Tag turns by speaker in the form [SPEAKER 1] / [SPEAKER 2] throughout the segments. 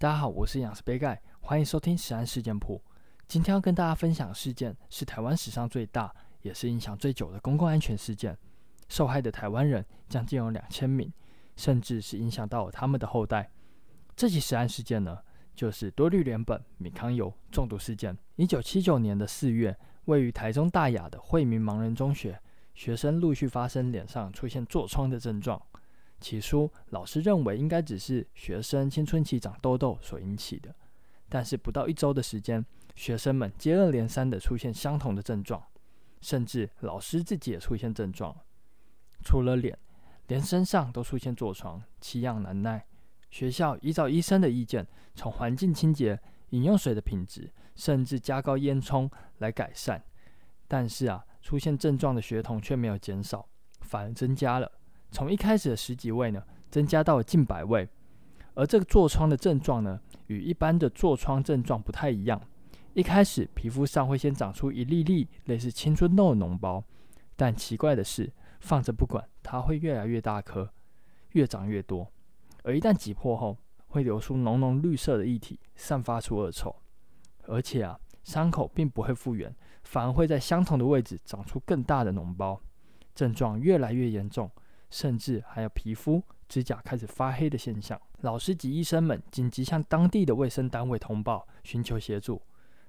[SPEAKER 1] 大家好，我是營養師杯蓋，歡迎收聽食安事件簿。今天要跟大家分享的事件，是台灣史上最大，也是影響最久的公共安全事件，受害的台灣人將近有兩千名，甚至是影響到了他們的後代。這起食安事件呢，就是多氯聯苯、米糠油中毒事件。一九七九年的四月，位於台中大雅的惠民盲人中學學生陸續發生臉上出現痤瘡的症狀。起初，老師認為應該只是學生青春期長痘痘所引起的，但是不到一周的時間，學生們接二連三的出現相同的症狀，甚至老師自己也出現症狀。除了臉，連身上都出現痤瘡，奇癢難耐。學校依照醫生的意見，從環境清潔、飲用水的品質，甚至加高煙囪來改善，但是啊，出現症狀的學童卻沒有減少，反而增加了。從一開始的十幾位呢，增加到了近百位。而這個痤瘡的症狀呢，與一般的痤瘡症狀不太一樣。一開始皮膚上會先長出一粒粒類似青春痘的膿包，但奇怪的是，放着不管，它會越來越大顆，越長越多。而一旦擠破後，會流出濃濃綠色的液體，散發出惡臭。而且啊，傷口並不會復原，反而會在相同的位置長出更大的膿包，症狀越來越嚴重。甚至還有皮膚、指甲開始發黑的現象。老師及醫生們緊急向當地的衛生單位通報，尋求協助。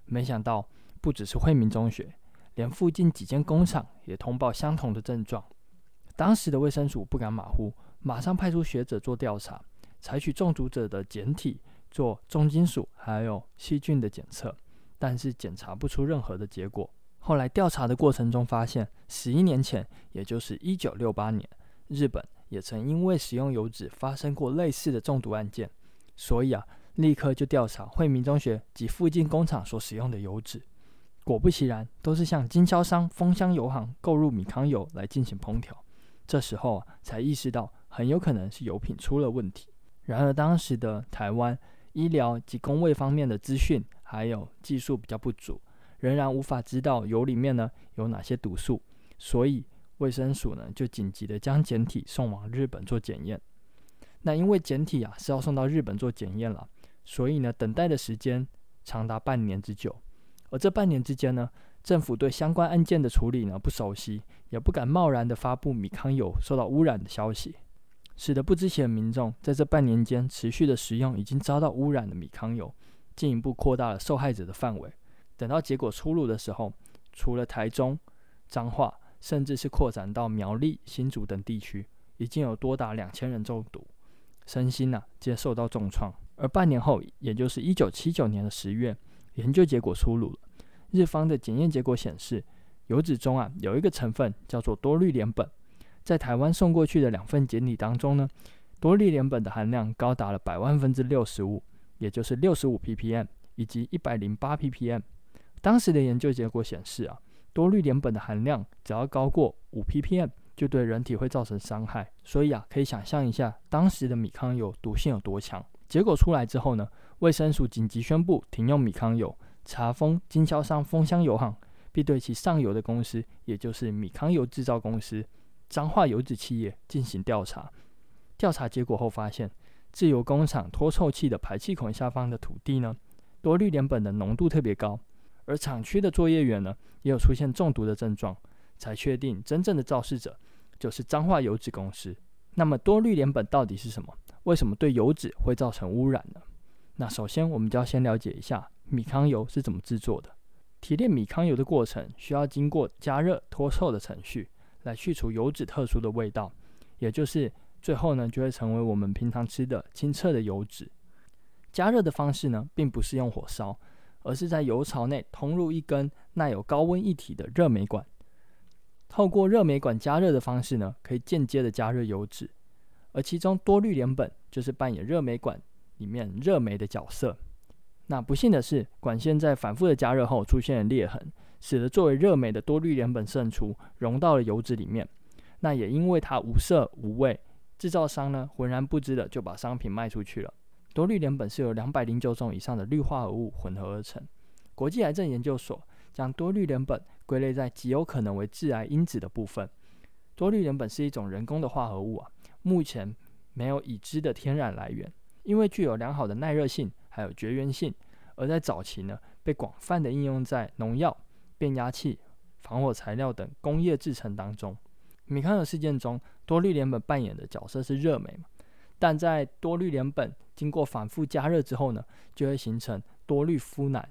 [SPEAKER 1] 沒想到，不只是惠民中學，連附近幾間工廠也通報相同的症狀。當時的衛生署不敢馬虎，馬上派出學者做調查，採取中毒者的檢體做重金屬還有細菌的檢測，但是檢查不出任何的結果。後來調查的過程中發現，十一年前，也就是一九六八年，日本也曾因為使用油脂發生過類似的中毒案件，所以啊，立刻就調查惠民中學及附近工廠所使用的油脂。果不其然，都是向經銷商豐香油行購入米糠油來進行烹調。這時候啊，才意識到很有可能是油品出了問題。然而，當時的台灣醫療及工衛方面的資訊還有技術比較不足，仍然無法知道油裡面呢有哪些毒素，所以。衛生署呢，就緊急地將檢體送往日本做檢驗。那因為檢體啊是要送到日本做檢驗了，所以呢，等待的時間長達半年之久。而這半年之間呢，政府對相關案件的處理呢不熟悉，也不敢貿然的發布米糠油受到污染的消息，使得不知情的民眾在這半年間持續的食用已經遭到污染的米糠油，進一步擴大了受害者的範圍。等到結果出爐的時候，除了台中彰化。甚至是擴展到苗栗、新竹等地區，已經有多達兩千人中毒，身心吶、啊、皆受到重創。而半年後，也就是一九七九年的十月，研究結果出爐了。日方的檢驗結果顯示，油脂中啊有一個成分叫做多氯聯苯。在台灣送過去的兩份檢體當中呢，多氯聯苯的含量高達了百萬分之六十五，也就是六十五 ppm 以及一百零八 ppm。當時的研究結果顯示啊。多氯聯苯的含量只要高過五 ppm，就對人體會造成傷害。所以啊，可以想象一下當時的米糠油毒性有多強。結果出來之後呢，衛生署緊急宣布停用米糠油，查封經銷商、封箱油行，並對其上游的公司，也就是米糠油製造公司、彰化油脂企業進行調查。調查結果後發現，製油工廠脫臭器的排氣孔下方的土地呢，多氯聯苯的濃度特別高。而廠區的作業員呢，也有出現中毒的症狀，才確定真正的肇事者就是彰化油脂公司。那麼多氯聯苯到底是什麼？為什麼對油脂會造成污染呢？那首先，我們就要先了解一下米糠油是怎麼製作的。提煉米糠油的過程需要經過加熱脫臭的程序，來去除油脂特殊的味道，也就是最後呢，就會成為我們平常吃的清澈的油脂。加熱的方式呢，並不是用火燒。而是在油槽內通入一根帶有高溫液體的熱媒管，透過熱媒管加熱的方式呢，可以間接的加熱油脂，而其中多氯聯苯就是扮演熱媒管裡面熱媒的角色。那不幸的是，管線在反覆的加熱後出現了裂痕，使得作為熱媒的多氯聯苯滲出，溶到了油脂裡面。那也因為它無色無味，製造商呢渾然不知的就把商品賣出去了。多氯聯苯是由兩百零九種以上的氯化合物混合而成。國際癌症研究所將多氯聯苯歸類在極有可能為致癌因子的部分。多氯聯苯是一種人工的化合物啊，目前沒有已知的天然來源，因為具有良好的耐熱性，還有絕緣性，而在早期呢，被廣泛的應用在農藥、變壓器、防火材料等工業製程當中。米糠油事件中，多氯聯苯扮演的角色是熱媒但在多氯聯苯經過反覆加熱之後呢，就會形成多氯呋喃。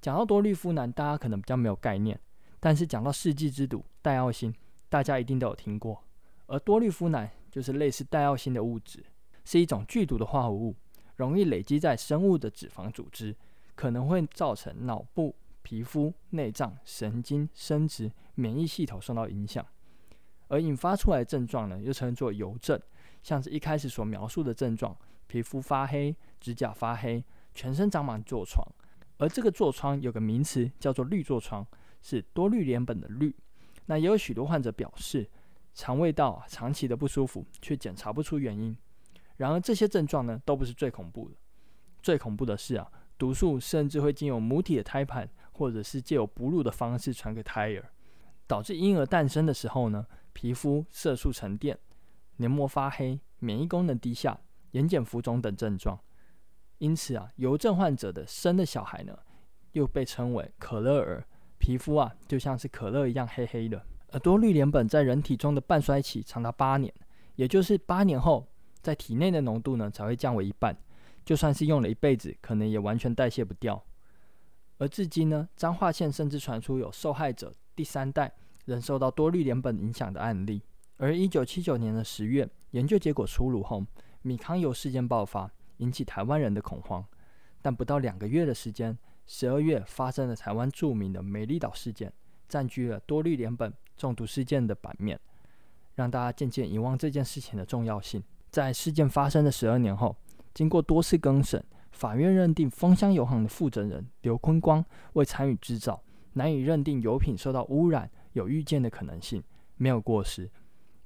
[SPEAKER 1] 講到多氯呋喃，大家可能比較沒有概念，但是講到世紀之毒——戴奧辛，大家一定都有聽過。而多氯呋喃就是類似戴奧辛的物質，是一種劇毒的化合物，容易累積在生物的脂肪組織，可能會造成腦部、皮膚、內臟、神經、生殖、免疫系統受到影響，而引發出來的症狀呢，又稱作油症。像是一開始所描述的症狀，皮膚發黑、指甲發黑、全身長滿痤瘡，而這個痤瘡有個名詞叫做氯痤瘡，是多氯聯苯的氯。那也有許多患者表示，腸胃道長期的不舒服，卻檢查不出原因。然而這些症狀呢，都不是最恐怖的，最恐怖的是啊，毒素甚至會經由母體的胎盤，或者是借由哺乳的方式傳給胎兒，導致嬰兒誕生的時候呢，皮膚色素沉澱。黏膜發黑、免疫功能低下、眼瞼浮腫等症狀。因此啊，油症患者的生的小孩呢，又被稱為“可樂兒”，皮膚啊就像是可樂一樣黑黑的。而多氯聯苯在人體中的半衰期長達八年，也就是八年後，在體內的濃度呢才會降為一半。就算是用了一輩子，可能也完全代謝不掉。而至今呢，彰化縣甚至傳出有受害者第三代仍受到多氯聯苯影響的案例。而一九七九年的十月，研究結果出爐後，米糠油事件爆發，引起台灣人的恐慌。但不到兩個月的時間，十二月發生了台灣著名的美麗島事件，佔據了多氯聯苯中毒事件的版面，讓大家漸漸遺忘這件事情的重要性。在事件發生的十二年後，經過多次更審，法院認定豐香油行的負責人劉坤光未參與製造，難以認定油品受到污染有預見的可能性，沒有過失。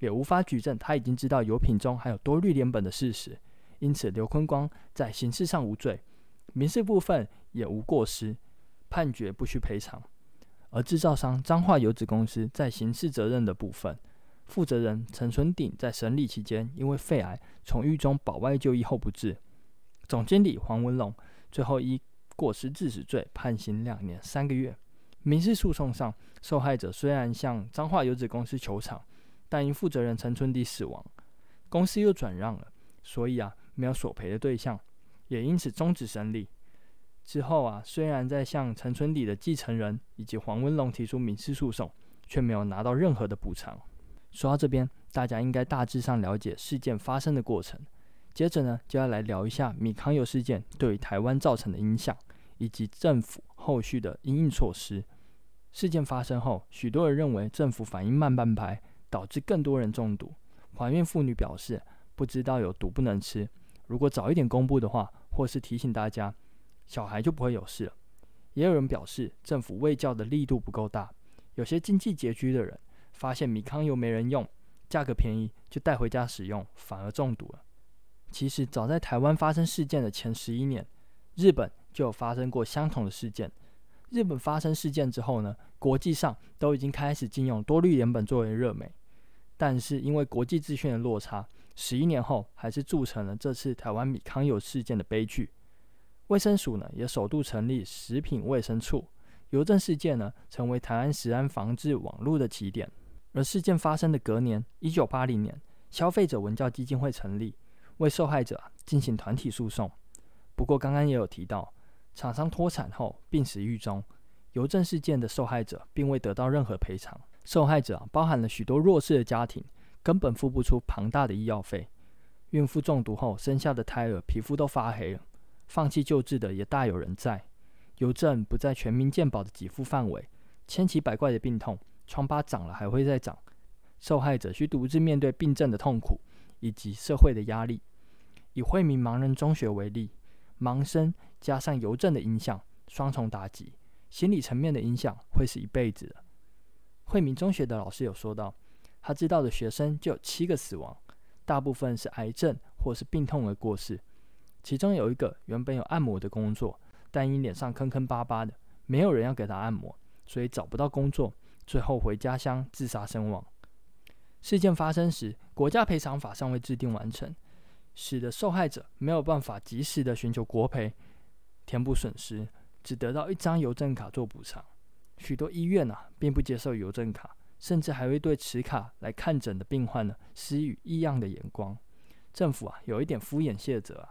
[SPEAKER 1] 也無法舉證，他已經知道油品中含有多氯聯苯的事實，因此劉坤光在刑事上無罪，民事部分也無過失，判決不需賠償。而製造商彰化油脂公司在刑事責任的部分，負責人陳春鼎在審理期間因為肺癌從獄中保外就醫後不治，總經理黃文龍最後以過失致死罪判刑兩年三個月。民事訴訟上，受害者雖然向彰化油脂公司求償。但因負責人陳春弟死亡，公司又轉讓了，所以啊，沒有索賠的對象，也因此終止審理。之後啊，雖然在向陳春弟的繼承人以及黃文龍提出民事訴訟，卻沒有拿到任何的補償。說到這邊，大家應該大致上了解事件發生的過程。接着呢，就要來聊一下米糠油事件對於台灣造成的影響，以及政府後續的因應措施。事件發生後，許多人認為政府反應慢半拍。導致更多人中毒，懷孕婦女表示不知道有毒不能吃。如果早一點公布的話，或是提醒大家，小孩就不會有事了。也有人表示，政府衛教的力度不夠大，有些經濟拮據的人發現米糠油沒人用，價格便宜就帶回家使用，反而中毒了。其實早在台灣發生事件的前十一年，日本就有發生過相同的事件。日本發生事件之後呢，國際上都已經開始禁用多氯聯苯作為熱媒。但是因為國際資訊的落差，十一年後還是鑄成了這次台灣米糠油事件的悲劇。衛生署呢也首度成立食品衛生處，油症事件呢成為台灣食安防治網絡的起點。而事件發生的隔年，一九八零年，消費者文教基金會成立，為受害者進行團體訴訟。不過剛剛也有提到，廠商脫產後，病死獄中，油症事件的受害者並未得到任何賠償。受害者啊，包含了許多弱勢的家庭，根本付不出龐大的醫藥費。孕婦中毒後生下的胎兒皮膚都發黑了，放棄救治的也大有人在。油症不在全民健保的給付範圍，千奇百怪的病痛，瘡疤長了還會再長。受害者需獨自面對病症的痛苦以及社會的壓力。以惠民盲人中學為例，盲生加上油症的影響，雙重打擊，心理層面的影響會是一輩子的。惠民中學的老師有說到，他知道的學生就有七個死亡，大部分是癌症或是病痛而過世。其中有一個原本有按摩的工作，但因臉上坑坑巴巴的，沒有人要給他按摩，所以找不到工作，最後回家鄉自殺身亡。事件發生時，國家賠償法尚未制定完成，使得受害者沒有辦法及時的尋求國賠，填補損失，只得到一張郵政卡做補償。許多醫院呢、啊，並不接受油症卡，甚至還會對持卡來看診的病患呢，施予異樣的眼光。政府啊，有一點敷衍卸責，啊、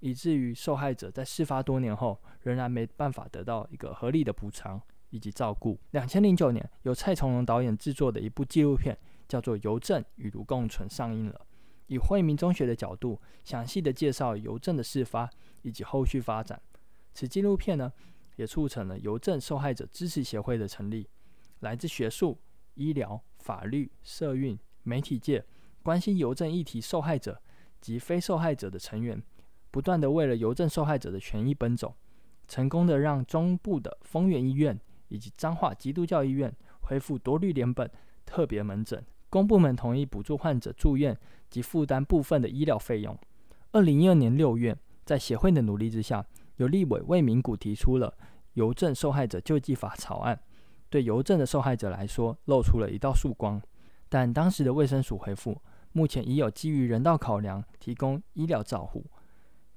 [SPEAKER 1] 以至於受害者在事發多年後，仍然沒辦法得到一個合理的補償以及照顧。兩千零九年，由蔡崇隆導演制作的一部紀錄片，叫做《油症與毒共存》，上映了，以惠民中學的角度，詳細地介紹油症的事發以及後續發展。此紀錄片呢。也促成了油症受害者支持協會的成立，來自學術、醫療、法律、社運、媒體界關心油症議題受害者及非受害者的成員，不斷地為了油症受害者的權益奔走，成功的讓中部的豐原醫院以及彰化基督教醫院恢復多氯聯苯特別門診，公部門同意補助患者住院及負擔部分的醫療費用。二零一二年六月，在協會的努力之下。由立委魏明谷提出了《油症受害者救濟法》草案，對油症的受害者來說露出了一道曙光。但當時的衛生署回覆，目前已有基於人道考量提供醫療照護，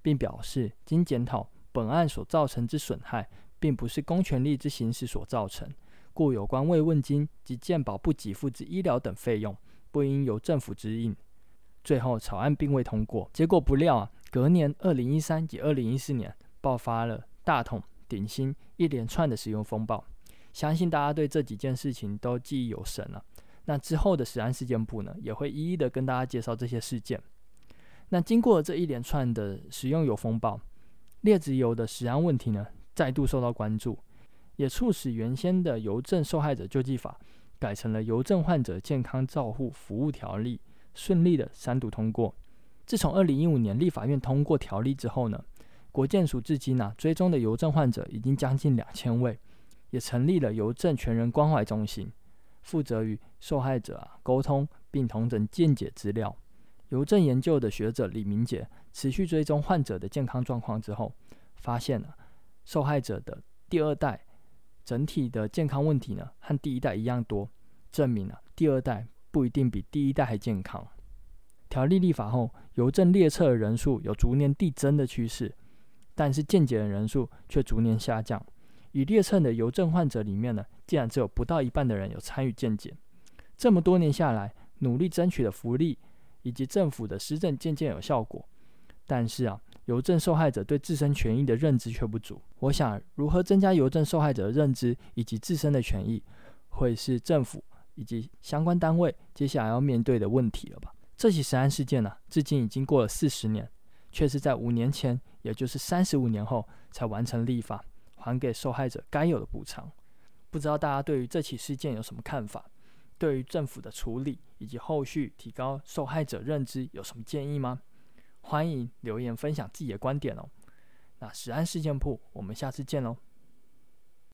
[SPEAKER 1] 並表示經檢討，本案所造成之損害，並不是公權力之行使所造成，故有關慰問金及健保不給付之醫療等費用，不應由政府支應。最後草案並未通過。結果不料啊，隔年二零一三及二零一四年。爆發了大統、頂新一連串的食用油風暴，相信大家對這幾件事情都記憶猶新了。那之後的食安事件簿呢，也會一一的跟大家介紹這些事件。那經過這一連串的食用油風暴，劣質油的食安問題呢，再度受到關注，也促使原先的《油症受害者救濟法》改成了《油症患者健康照護服務條例》，順利的三讀通過。自從2015年立法院通過條例之後呢，國健署至今呢、啊，追蹤的油症患者已經將近兩千位，也成立了油症全人關懷中心，負責與受害者啊溝通，並統整健檢資料。油症研究的學者李明杰持續追蹤患者的健康狀況之後，發現了、啊、受害者的第二代整體的健康問題呢，和第一代一樣多，證明了、啊、第二代不一定比第一代還健康。條例立法後，油症列冊的人數有逐年遞增的趨勢。但是健檢的人數卻逐年下降，已列冊的油症患者裡面呢，竟然只有不到一半的人有參與健檢。這麼多年下來，努力爭取的福利以及政府的施政漸漸有效果，但是啊，油症受害者對自身權益的認知卻不足。我想，如何增加油症受害者的認知以及自身的權益，會是政府以及相關單位接下來要面對的問題了吧？這起食安事件呢、啊，至今已經過了四十年。卻是在五年前，也就是三十五年後才完成立法，還給受害者該有的補償。不知道大家對於這起事件有什麼看法？對於政府的處理以及後續提高受害者認知有什麼建議嗎？歡迎留言分享自己的觀點哦。那食安事件簿，我們下次見嘍。